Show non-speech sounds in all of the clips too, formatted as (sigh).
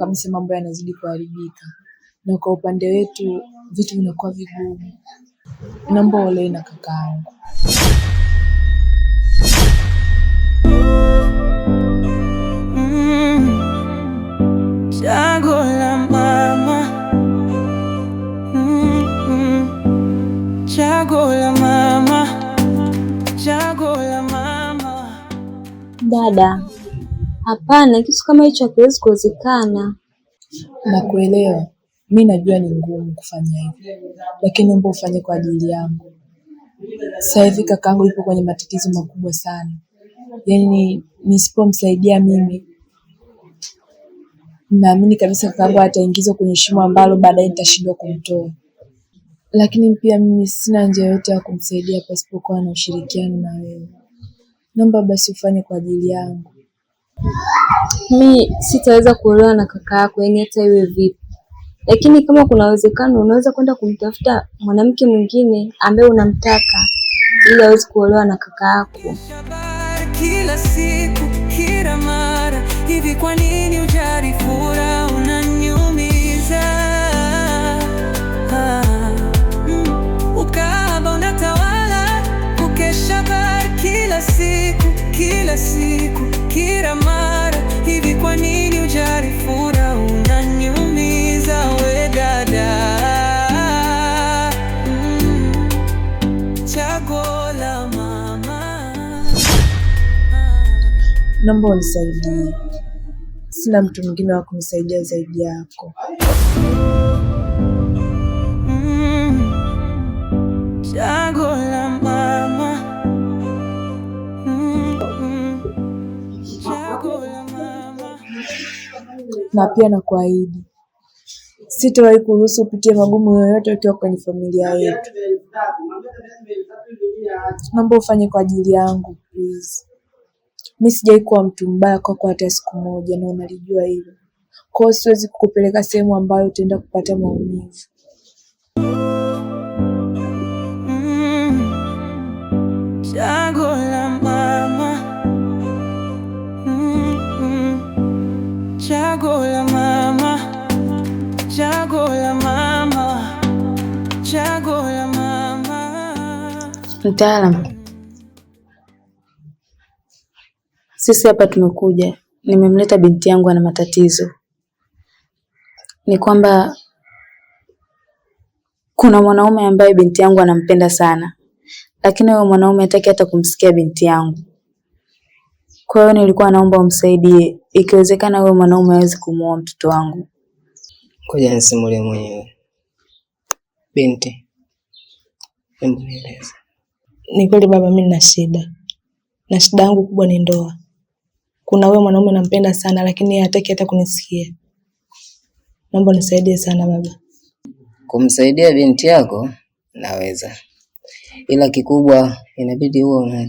kabisa mambo yanazidi kuharibika, na kwa upande wetu vitu vinakuwa vigumu. Naomba ole na kakaangu. Mm-hmm. Mm-hmm. Dada Hapana, kitu kama hicho hakiwezi kuwezekana. Nakuelewa, mi najua ni ngumu kufanya hivyo, lakini omba ufanye kwa ajili yangu. Sasa hivi kakaangu yupo kwenye matatizo makubwa sana, yaani nisipomsaidia mimi naamini kabisa kakaangu ataingizwa kwenye shimo ambalo baadaye nitashindwa kumtoa. Lakini pia mimi sina njia yoyote ya kumsaidia pasipokuwa na ushirikiano na wewe. Naomba basi ufanye kwa ajili yangu mi sitaweza kuolewa na kaka yako, yani hata iwe vipi, lakini kama kuna uwezekano unaweza kwenda kumtafuta mwanamke mwingine ambaye unamtaka ili aweze kuolewa na kaka yako. Kila siku kila mara hivi, kwa nini ujarifura unanyumiza? unaniumiza ah, ukaba unatawala, ukesha kila siku kila siku kujarifuna unaniumiza we dada, mm, la mama. unisaidie, sina mtu mwingine wa kunisaidia zaidi yako. Mm, chaguo na pia na kuahidi sitawahi kuruhusu upitie magumu yoyote ukiwa kwenye familia yetu. Naomba ufanye kwa ajili yangu please. Mimi sijai kuwa mtu mbaya kwako hata siku moja, na unalijua hilo. Kwa hiyo siwezi kukupeleka sehemu ambayo utaenda kupata maumivu. Mm, Chaguo la mama, chaguo la mama, chaguo la mama. Mtaalam, sisi hapa tumekuja, nimemleta binti yangu ana matatizo. Ni kwamba kuna mwanaume ambaye binti yangu anampenda sana, lakini huyo mwanaume hataki hata kumsikia binti yangu. Kwa hiyo nilikuwa naomba umsaidie, ikiwezekana wewe mwanaume aweze kumuoa mtoto wangu. Kuja nisimulie mwenyewe. Binti, hebu nieleze. Ni kweli baba, mimi nina shida, na shida yangu kubwa ni ndoa. Kuna wewe mwanaume nampenda sana, lakini hataki hata kunisikia. Naomba nisaidie sana baba. Kumsaidia binti yako naweza, ila kikubwa inabidi huwe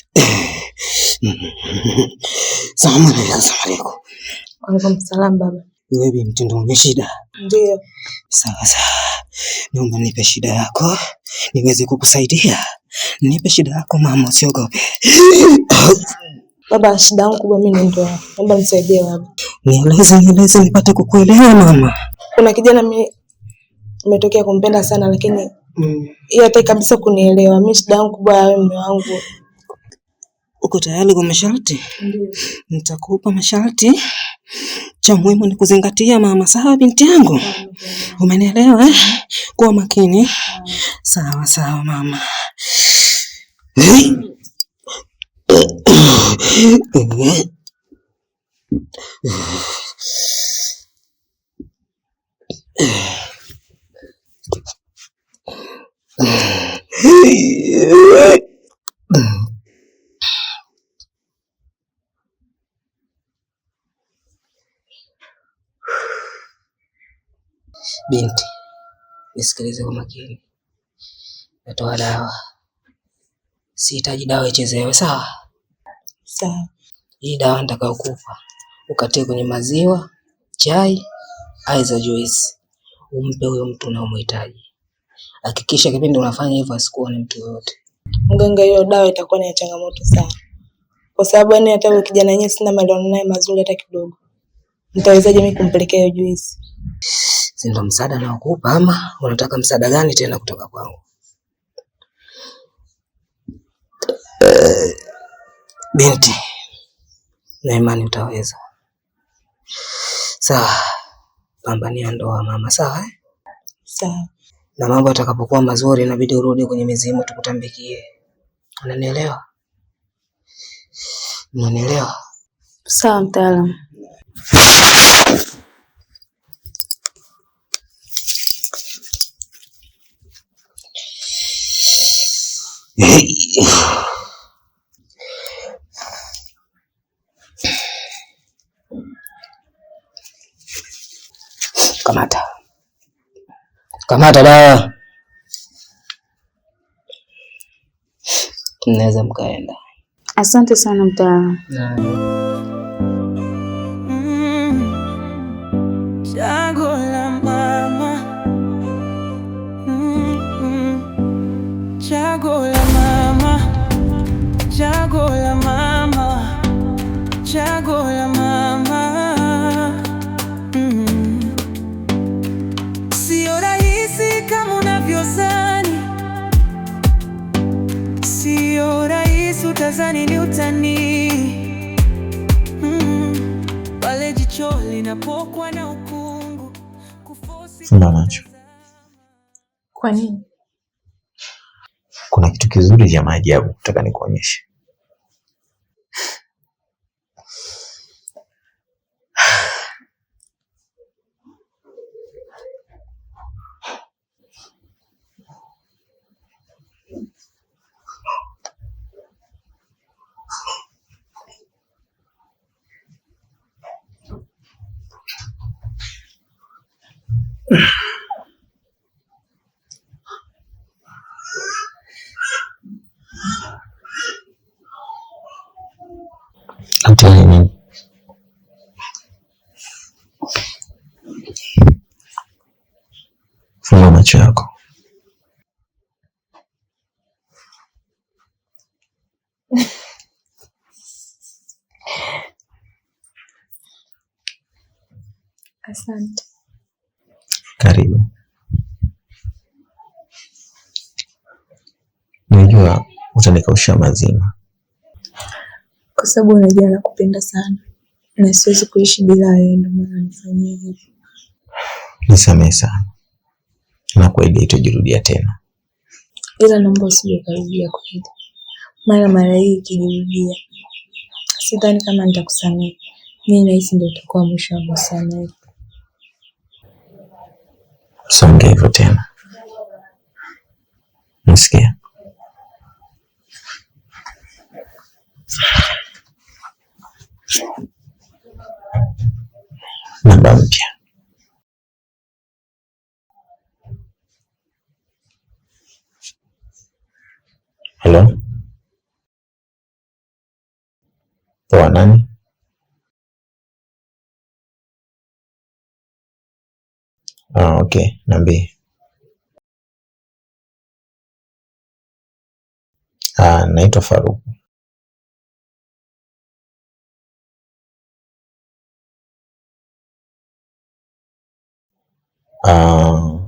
Salamu alaikum. Waalaikum salaam baba. Wewe binti ndio mwenye shida? Ndio. Sawa sawa, naomba nipe shida yako niweze kukusaidia. Nipe shida yako mama, usiogope. Baba, shida yangu kubwa mimi ndio. Naomba nisaidie baba. Nieleze, nieleze nipate kukuelewa mama. Kuna kijana mimi nimetokea kumpenda sana, lakini mm, yeye hataki kabisa kunielewa mimi. Shida yangu kubwa ya mume wangu Uko tayari kwa masharti? Nitakupa masharti. Cha muhimu ni kuzingatia mama, sawa binti yangu? Umenielewa eh? Kuwa makini. Sawa sawa mama. (laughs) Binti, nisikilize kwa makini, natoa dawa. Sihitaji dawa ichezewe, sawa sawa. Hii dawa nitakayokupa ukatie kwenye maziwa, chai, aiza juisi, umpe huyo mtu unayomhitaji. Hakikisha kipindi unafanya hivyo asikuone mtu yoyote. Mganga, hiyo dawa itakuwa ni changamoto sana, kwa sababu yani hata kijana yenyewe sina maelewano naye mazuri hata kidogo nitawezaje mimi kumpelekea hiyo juice? Si ndo msaada naokupa, ama unataka msaada gani tena kutoka kwangu? Uh, binti, na imani utaweza. Sawa, pambania ndoa mama, sawa eh? Sawa. Na mambo atakapokuwa mazuri, inabidi urudi kwenye mizimu tukutambikie. Unanielewa? Unanielewa? Sawa mtaalamu. (sighs) Kamata, kamata dawa, mnaweza mkaenda. Asante sana mtaalamu. Nadhani ni utani mm, pale jicho linapokuwa na ukungu kufosi sina nacho. Kwa nini? Kuna kitu kizuri cha maajabu nataka nikuonyeshe. Fungua macho yako. Asante. nikaushia mazima, kwa sababu unajua nakupenda sana na siwezi kuishi bila wewe, ndio maana nifanyie hivi. Nisamehe sana na kweli haitajirudia tena, ila naomba usije karudia kweli, mara mara hii ikijirudia, sidhani kama nitakusamehe. Mimi nahisi ndio utakuwa mwisho wa mahusiano yetu. Songe hivyo tena, nisikia namba mpya. Halo poa, nani? Ah, okay, niambie. Ah, naitwa Faruku. Uh,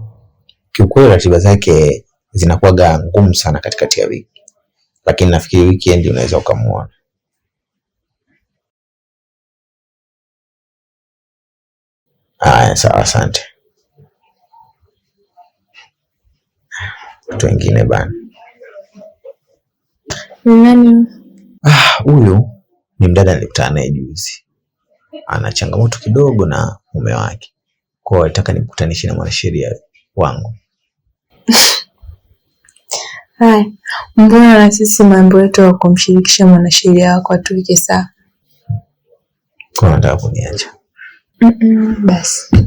kiukweli ratiba zake zinakuwaga ngumu sana katikati ya wiki, lakini nafikiri weekend unaweza ukamuona. Haya, sawa, asante. Watu wengine bana, Ni nani? Ah, huyu ni mdada nilikutana naye juzi, ana changamoto kidogo na mume wake kwa walitaka nataka na mwanasheria wangu. (laughs) Haya, mbona na sisi mambo yetu ya kumshirikisha mwanasheria wako atuike saa kwa nataka kuniacha? mm -mm, basi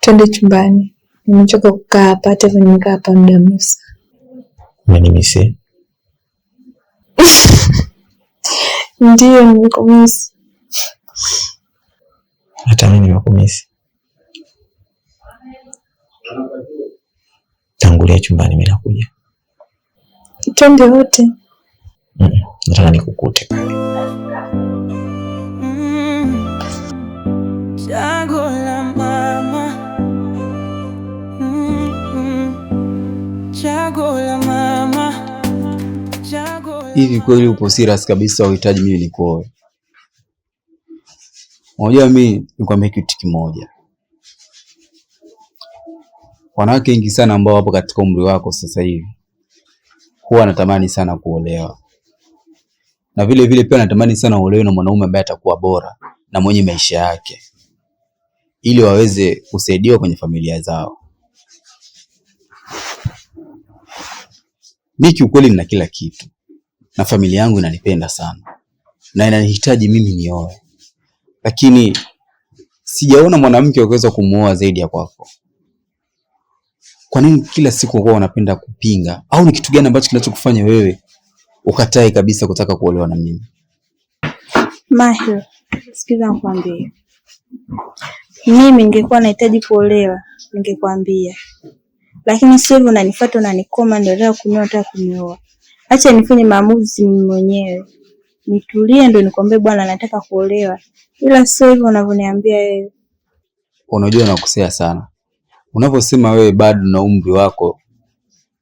twende chumbani, nimechoka kukaa hapa. Hata hivyo nimekaa hapa muda mrefu Umenimisi? (laughs) Ndiyo, nimekumisi. Hata mimi nimekumisi. nifungulia chumbani, mimi nakuja. Twende wote. Mm, nataka nikukute mm-hmm. mm-hmm. Hivi kweli upo serious kabisa, uhitaji mimi nikuoe? Unajua mimi nikwambia kitu kimoja Wanawake wengi sana ambao wapo katika umri wako sasa hivi huwa anatamani sana kuolewa, na vile vile pia anatamani sana uolewe na mwanaume ambaye atakuwa bora na mwenye maisha yake, ili waweze kusaidiwa kwenye familia zao. mi kiukweli nina kila kitu na familia yangu inanipenda sana na inanihitaji mimi nioe, lakini sijaona mwanamke wakuweza kumuoa zaidi ya kwako. Kwa nini kila siku wao wanapenda kupinga? Au ni kitu gani ambacho kinachokufanya wewe ukatai kabisa kutaka kuolewa na mimi? Mahir, sikiza nikwambie. Mimi ningekuwa nahitaji kuolewa, ningekwambia. Lakini sio hivyo unanifuata unanikoma ndio leo kunioa nataka kunioa. Acha nifanye maamuzi mimi mwenyewe. Nitulie ndio nikwambie bwana nataka kuolewa. Ila sio hivyo unavyoniambia wewe. Unajua nakosea sana unavyosema wewe bado na umri wako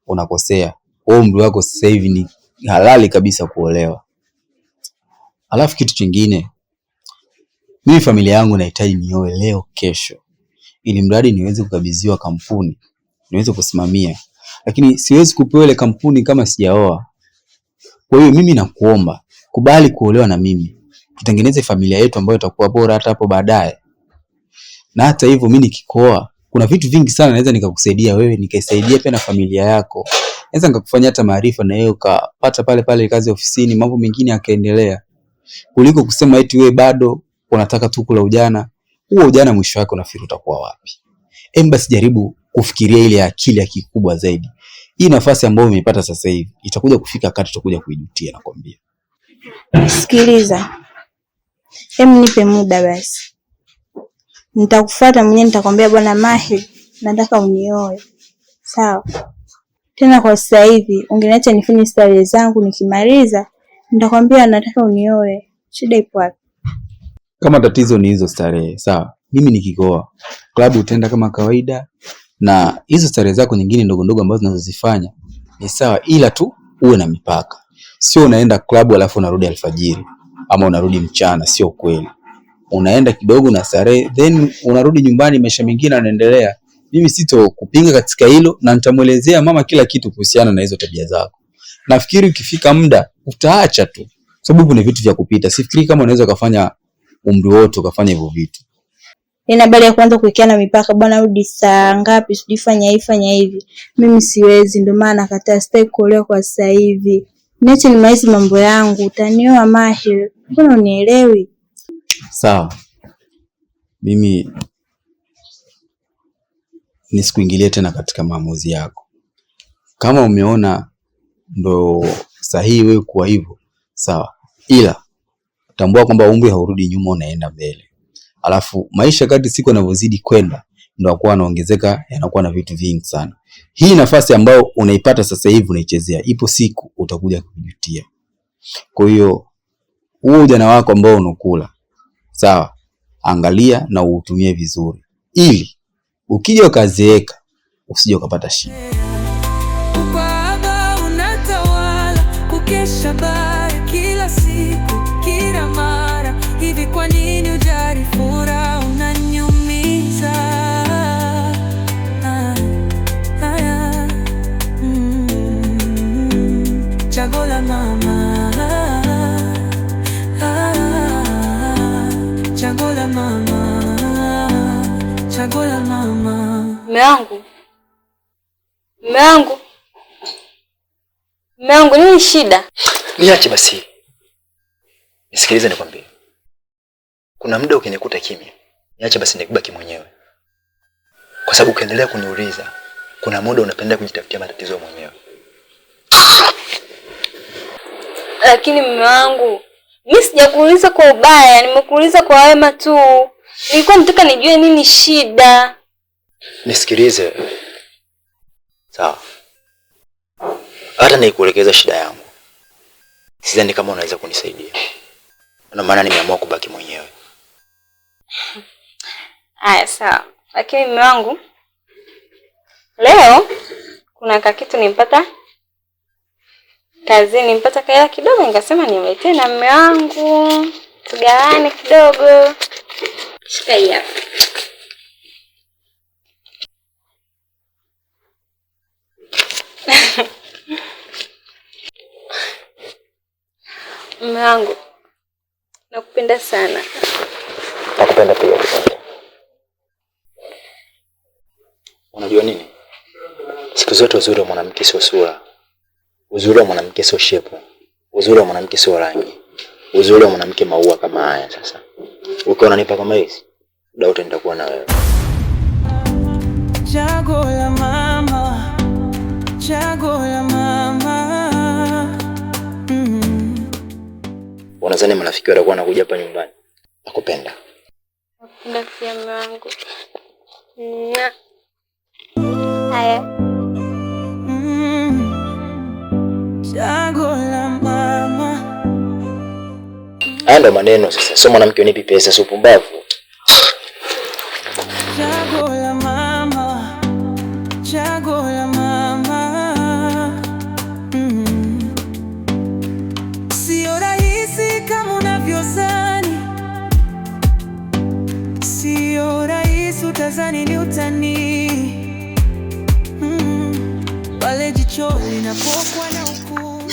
unakosea. Wewe umri wako sasa hivi ni halali kabisa kuolewa. Alafu kitu kingine, mimi familia yangu nahitaji nioe leo kesho, ili mradi niweze kukabidhiwa kampuni niweze kusimamia, lakini siwezi kupewa ile kampuni kama sijaoa. Kwa hiyo mimi nakuomba kubali kuolewa na mimi, tutengeneze familia yetu ambayo itakuwa bora hata hapo baadaye. Na hata hivyo mimi nikikoa kuna vitu vingi sana naweza nikakusaidia wewe, nikaisaidia pia na familia yako. Naweza nikakufanyia hata maarifa na wewe ukapata pale pale kazi ofisini, mambo mengine yakaendelea, kuliko kusema eti wewe bado unataka tu kula ujana. Huo ujana mwisho wake unafikiri utakuwa wapi? Em, yaani basi jaribu kufikiria ile akili ya kikubwa zaidi. Hii nafasi ambayo umeipata sasa hivi itakuja kufika wakati utakuja kuijutia, nakwambia. Sikiliza, hem, nipe muda basi nitakufuata mwenyewe, nitakwambia bwana Mahi, nataka unioe sawa. Tena kwa sasa hivi ungeniacha nifanye starehe zangu, nikimaliza nitakwambia nataka unioe. Shida ipo wapi? Kama tatizo ni hizo starehe, sawa, mimi nikikoa klabu utaenda kama kawaida, na hizo starehe zako nyingine ndogo ndogo ambazo unazozifanya ni sawa, ila tu uwe na mipaka, sio unaenda klabu alafu unarudi alfajiri ama unarudi mchana, sio kweli unaenda kidogo na starehe, then unarudi nyumbani, maisha mengine yanaendelea. Mimi sito kupinga katika hilo, na nitamwelezea mama kila kitu kuhusiana na hizo tabia zako. Nafikiri ukifika muda utaacha tu, sababu kuna vitu vya kupita. Sifikiri kama unaweza kufanya umri wote ukafanya hivyo vitu. Nina bali ya kuanza kuwekeana mipaka, bwana, rudi saa ngapi? Sijui fanya hivi fanya hivi. Mimi siwezi, ndio maana nakataa. Sitaki kuolewa kwa sasa hivi, niache nimalize mambo yangu. Utanioa Mahir, mbona unielewi? Sawa, mimi nisikuingilie tena katika maamuzi yako. Kama umeona ndo sahihi wewe kuwa hivyo, sawa, ila tambua kwamba umri haurudi nyuma, unaenda mbele. Alafu maisha kadri siku yanavyozidi kwenda ndo akuwa anaongezeka, yanakuwa na vitu vingi sana. Hii nafasi ambayo unaipata sasa hivi unaichezea, ipo siku utakuja kujutia. Kwa hiyo huo ujana wako ambao unakula sawa, angalia na uutumie vizuri, ili ukija ukazeeka usije ukapata shida. Mume wangu, mume wangu, mume wangu, nini shida? Niache basi, nisikilize nikwambie. Kuna muda ukinikuta kimya, niache basi nikubaki mwenyewe, kwa sababu ukiendelea kuniuliza, kuna muda unapenda kujitafutia matatizo mwenyewe. Lakini mume wangu, mi sijakuuliza kwa ubaya, nimekuuliza kwa wema tu. Nilikuwa nataka nijue nini shida. Nisikilize sawa, hata nikuelekeza shida yangu, sidhani kama unaweza kunisaidia, ndio maana nimeamua kubaki mwenyewe. Haya, sawa, lakini mume wangu, leo kuna kakitu nimpata kazini, nimpata kaela kidogo, nikasema nimletee na mume wangu tugawane kidogo. Shika hapa. (laughs) Mume wangu nakupenda sana. Nakupenda pia. Unajua nini, siku zote uzuri wa mwanamke sio sura, uzuri wa mwanamke sio shepu, uzuri wa mwanamke sio rangi, uzuri wa mwanamke maua kama haya. Sasa ukiwa unanipa kama hizi, dauta nitakuwa na wewe. Chaguo la mama. Mm. Wanazani marafiki watakuwa wanakuja hapa nyumbani. Nakupenda. Nakupenda pia mume wangu. Haya. Mm. Mm-hmm. Chaguo la mama. Haya ndo maneno sasa. Sio mwanamke unipi pesa, si upumbavu. nadhani ni utani mm, wale jicho linapokuwa na huku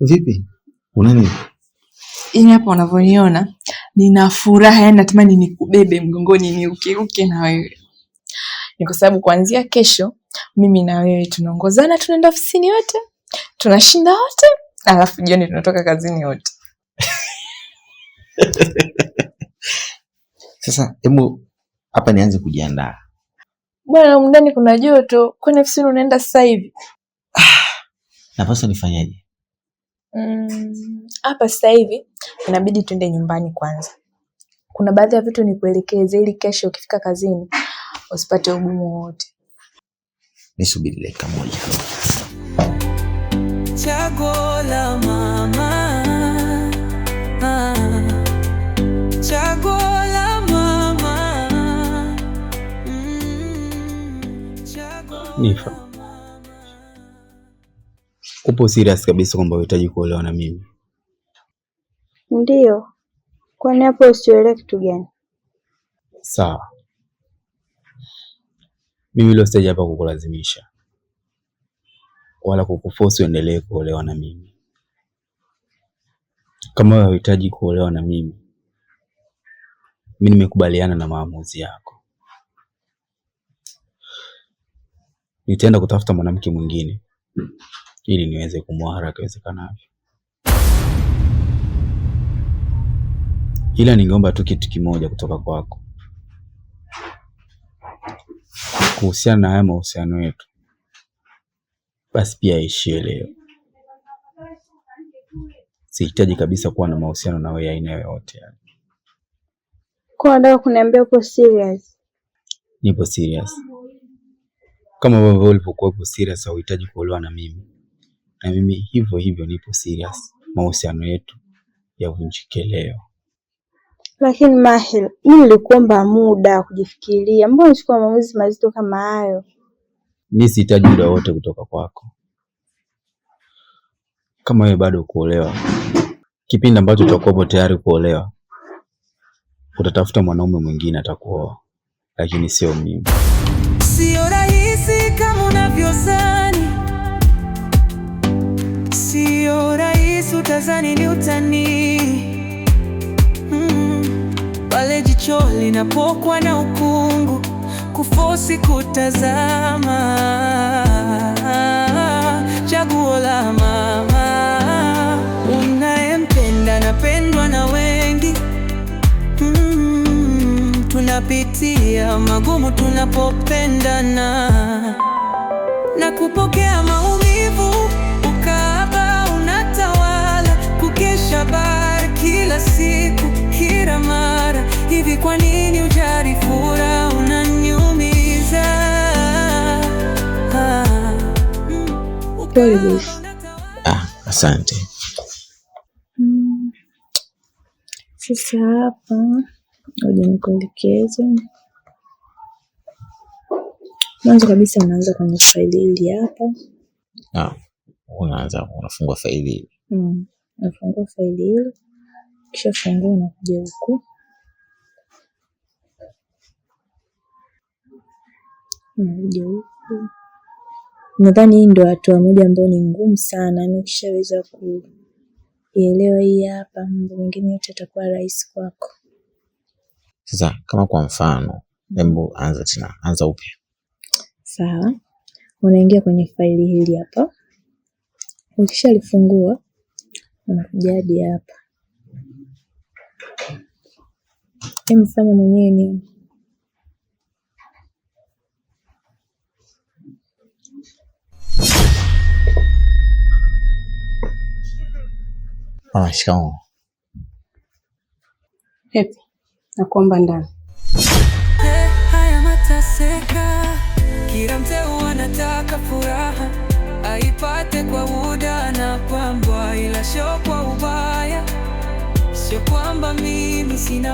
vipi unani Ini hapa unavyoniona nina furaha yani, natamani nikubebe mgongoni niukeuke na wewe. Ni kwa sababu kuanzia kesho mimi na wewe tunaongozana, tunaenda ofisini wote, tunashinda wote, alafu jioni tunatoka kazini wote (laughs) Sasa hebu hapa nianze kujiandaa bwana. Mndani kuna joto, kwani ofisini unaenda sasa hivi? Ah, (sighs) napaswa nifanyaje? Mm, hapa mm, sasa hivi inabidi tuende nyumbani kwanza. Kuna baadhi ya vitu nikuelekeze, ili kesho ukifika kazini usipate ugumu wowote. Nisubiri dakika moja. Chaguo la mama nifa. Upo serious kabisa kwamba unahitaji kuolewa na mimi? ndio Kwani hapo usielewe kitu gani? Sawa, mimi leo sijaja hapa kukulazimisha wala kukuforce uendelee kuolewa na mimi. Kama wewe unahitaji kuolewa na mimi, mimi nimekubaliana na maamuzi yako. nitaenda kutafuta mwanamke mwingine ili niweze kumwoa haraka iwezekanavyo. Ila ningeomba tu kitu kimoja kutoka kwako kuhusiana na haya mahusiano yetu, basi pia aishie leo. Sihitaji kabisa kuwa na mahusiano na wewe aina yoyote yani. Kwa nataka kuniambia upo serious? Nipo serious kama wewe ulipokuwa upo serious hauhitaji kuolewa na mimi, na mimi hivyo hivyo nipo serious, mahusiano yetu yavunjike leo. Lakini Mahir, mimi nilikuomba muda wa kujifikiria, mbona unachukua maamuzi mazito kama hayo? Mimi sihitaji muda wote kutoka kwako. Kama wewe bado kuolewa, kipindi ambacho utakuwapo tayari kuolewa, utatafuta mwanaume mwingine atakuoa, lakini sio mimi. Sio rahisi unavyozani sio rahisi, utazani ni utani mm-hmm. pale mm, jicho linapokwa na ukungu, kufosi kutazama chaguo la mama unayempenda, napendwa na wengi mm, tunapitia magumu tunapopendana na kupokea maumivu, ukahaba unatawala, kukesha bar kila siku, kila mara. Hivi kwa nini ujari furaha unaniumiza? Ah, asante. Mm. Sasa hapa ngoja nikuelekeze Mwanzo kabisa unaanza kwenye faili hili hapa. Ah, Unaanza unafungua faili hili. Mm. Unafungua faili hili. Kisha fungua unakuja huku. Unakuja huku. Nadhani hii ndio hatua moja ambayo ni ngumu sana, na yaani ukishaweza kuielewa hii hapa, mambo mengine yote yatakuwa rahisi kwako. Sasa kama kwa mfano, mm. hebu anza tena, anza upya. Sawa, unaingia kwenye faili hili hapa. Ukishalifungua unakuja hadi hapa, mfanye mwenyewe ni ah, Shikamoo. Nakuomba ndani. Haya mataseka kila mteu anataka furaha aipate kwa uda na kwamba, ila sio kwa ubaya, sio kwamba mimi sina